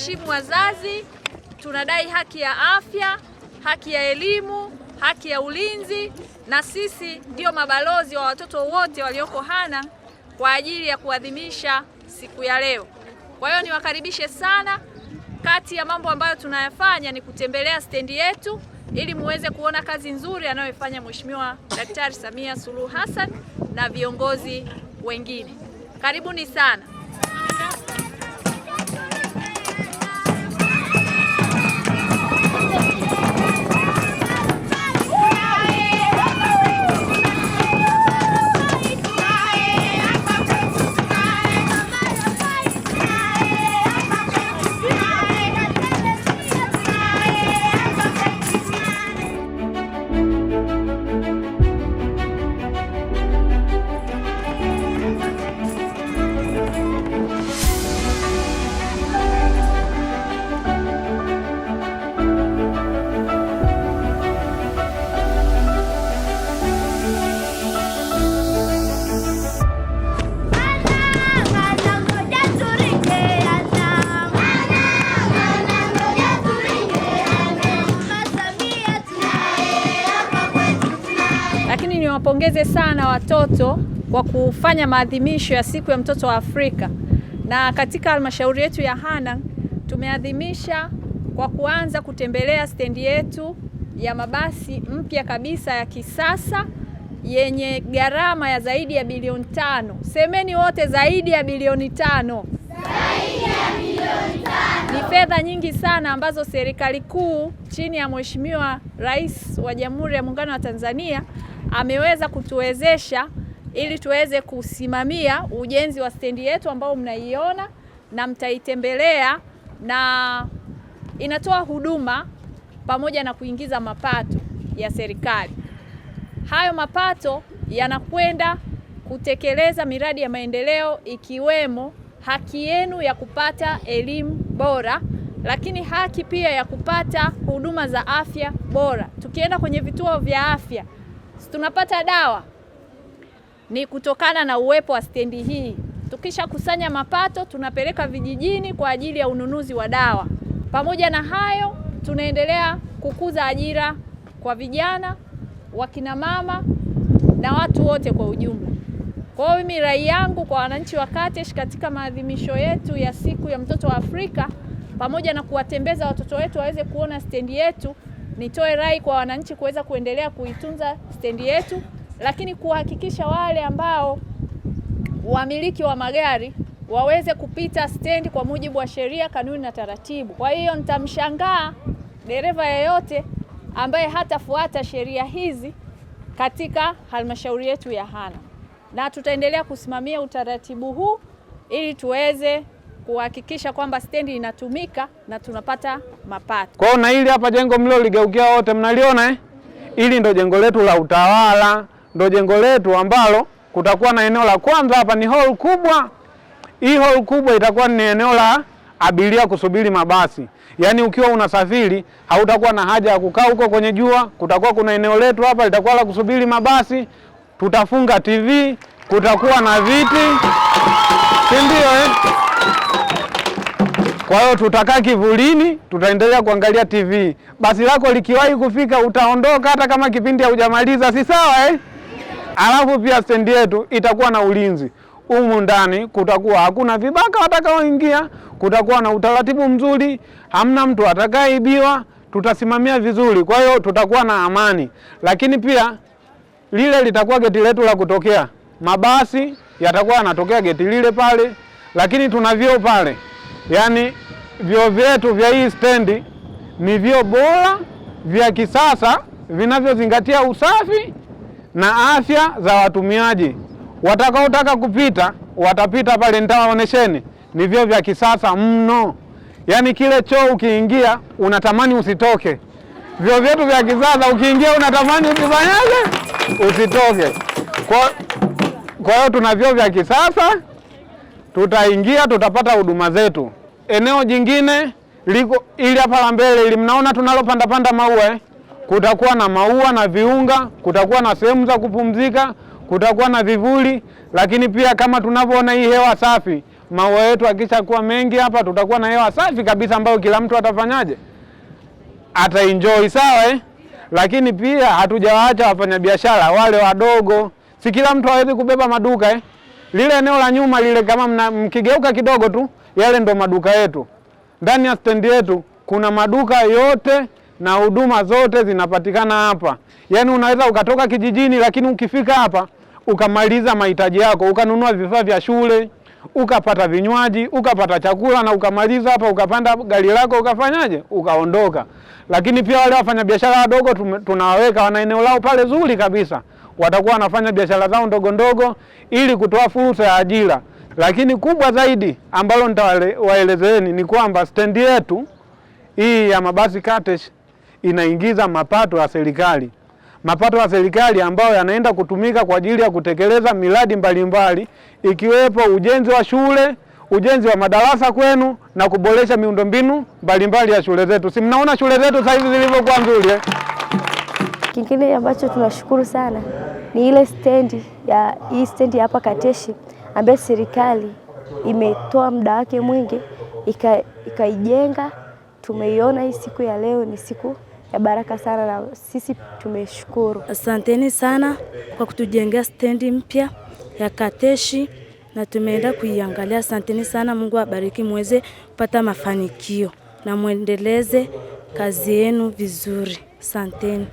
kuheshimu wazazi, tunadai haki ya afya, haki ya elimu, haki ya ulinzi, na sisi ndio mabalozi wa watoto wote walioko Hanang' kwa ajili ya kuadhimisha siku ya leo. Kwa hiyo niwakaribishe sana. Kati ya mambo ambayo tunayafanya ni kutembelea stendi yetu ili muweze kuona kazi nzuri anayoifanya Mheshimiwa Daktari Samia Suluhu Hassan na viongozi wengine. Karibuni sana. niwapongeze sana watoto kwa kufanya maadhimisho ya siku ya mtoto wa Afrika, na katika halmashauri yetu ya Hanang' tumeadhimisha kwa kuanza kutembelea stendi yetu ya mabasi mpya kabisa ya kisasa yenye gharama ya zaidi ya bilioni tano. Semeni wote, zaidi ya bilioni tano. Zaidi ya bilioni tano ni fedha nyingi sana ambazo serikali kuu chini ya Mheshimiwa Rais wa Jamhuri ya Muungano wa Tanzania ameweza kutuwezesha ili tuweze kusimamia ujenzi wa stendi yetu ambao mnaiona na mtaitembelea, na inatoa huduma pamoja na kuingiza mapato ya serikali. Hayo mapato yanakwenda kutekeleza miradi ya maendeleo ikiwemo haki yenu ya kupata elimu bora, lakini haki pia ya kupata huduma za afya bora. Tukienda kwenye vituo vya afya tunapata dawa ni kutokana na uwepo wa stendi hii. Tukishakusanya mapato tunapeleka vijijini kwa ajili ya ununuzi wa dawa. Pamoja na hayo, tunaendelea kukuza ajira kwa vijana, wakina mama na watu wote kwa ujumla. Kwa hiyo mimi rai yangu kwa wananchi wa Katesh katika maadhimisho yetu ya siku ya mtoto wa Afrika, pamoja na kuwatembeza watoto wetu waweze kuona stendi yetu nitoe rai kwa wananchi kuweza kuendelea kuitunza stendi yetu, lakini kuhakikisha wale ambao wamiliki wa magari waweze kupita stendi kwa mujibu wa sheria, kanuni na taratibu. Kwa hiyo nitamshangaa dereva yeyote ambaye hatafuata sheria hizi katika halmashauri yetu ya Hana, na tutaendelea kusimamia utaratibu huu ili tuweze kuhakikisha kwamba stendi inatumika na tunapata mapato. Kwa hiyo na hili hapa jengo mlioligeukia wote mnaliona eh? Hili ndo jengo letu la utawala, ndo jengo letu ambalo kutakuwa na eneo la kwanza. Hapa ni hall kubwa. Hii hall kubwa itakuwa ni eneo la abiria kusubiri mabasi, yaani ukiwa unasafiri hautakuwa na haja ya kukaa huko kwenye jua. Kutakuwa kuna eneo letu hapa litakuwa la kusubiri mabasi, tutafunga TV, kutakuwa na viti, si ndio eh? Kwa hiyo tutakaa kivulini, tutaendelea kuangalia TV. Basi lako likiwahi kufika utaondoka, hata kama kipindi haujamaliza, si sawa eh? Alafu pia stendi yetu itakuwa na ulinzi humu ndani, kutakuwa hakuna vibaka watakaoingia, kutakuwa na utaratibu mzuri, hamna mtu atakayeibiwa, tutasimamia vizuri. Kwa hiyo tutakuwa na amani, lakini pia lile litakuwa geti letu la kutokea. Mabasi yatakuwa yanatokea geti lile pale, lakini tuna vyoo pale, yaani vyoo vyetu vya hii stendi ni vyoo bora vya kisasa vinavyozingatia usafi na afya za watumiaji. Watakaotaka kupita watapita pale, nitawaonesheni. Ni vyoo vya kisasa mno, yaani kile choo ukiingia unatamani usitoke. Vyoo vyetu vya kisasa ukiingia unatamani usifanyaje? Usitoke. Kwa hiyo tuna vyoo vya kisasa, tutaingia tutapata huduma zetu eneo jingine liko ili hapa la mbele ili mnaona tunalopanda panda maua eh? Kutakuwa na maua na viunga, kutakuwa na sehemu za kupumzika, kutakuwa na vivuli, lakini pia kama tunavyoona hii hewa safi. Maua yetu akishakuwa mengi hapa, tutakuwa na hewa safi kabisa ambayo kila mtu atafanyaje, ataenjoy, sawa eh? Lakini pia hatujawaacha wafanyabiashara wale wadogo, si kila mtu hawezi kubeba maduka eh? Lile eneo la nyuma lile, kama mna, mkigeuka kidogo tu yale ndo maduka yetu. Ndani ya stendi yetu kuna maduka yote na huduma zote zinapatikana hapa. Yaani unaweza ukatoka kijijini, lakini ukifika hapa ukamaliza mahitaji yako, ukanunua vifaa vya shule, ukapata vinywaji, ukapata chakula na ukamaliza hapa, ukapanda gari lako, ukafanyaje, ukaondoka. Lakini pia wale wafanyabiashara wadogo tunawaweka, wana eneo lao pale zuri kabisa, watakuwa wanafanya biashara zao ndogo ndogo, ili kutoa fursa ya ajira. Lakini kubwa zaidi ambalo nitawaelezeeni ni kwamba stendi yetu hii ya mabasi Katesh inaingiza mapato ya serikali, mapato ya serikali ambayo yanaenda kutumika kwa ajili ya kutekeleza miradi mbalimbali ikiwepo ujenzi wa shule, ujenzi wa madarasa kwenu na kuboresha miundombinu mbalimbali ya shule zetu. Si mnaona shule zetu sasa hivi zilivyokuwa nzuri eh? Kingine ambacho tunashukuru sana ni ile stendi ya hii stendi hapa Katesh ambaye serikali imetoa muda wake mwingi ikaijenga ika tumeiona hii siku ya leo ni siku ya baraka sana, na sisi tumeshukuru. Asanteni sana kwa kutujengea stendi mpya ya Kateshi na tumeenda kuiangalia. Asanteni sana, Mungu abariki muweze kupata mafanikio na mwendeleze kazi yenu vizuri. Asanteni.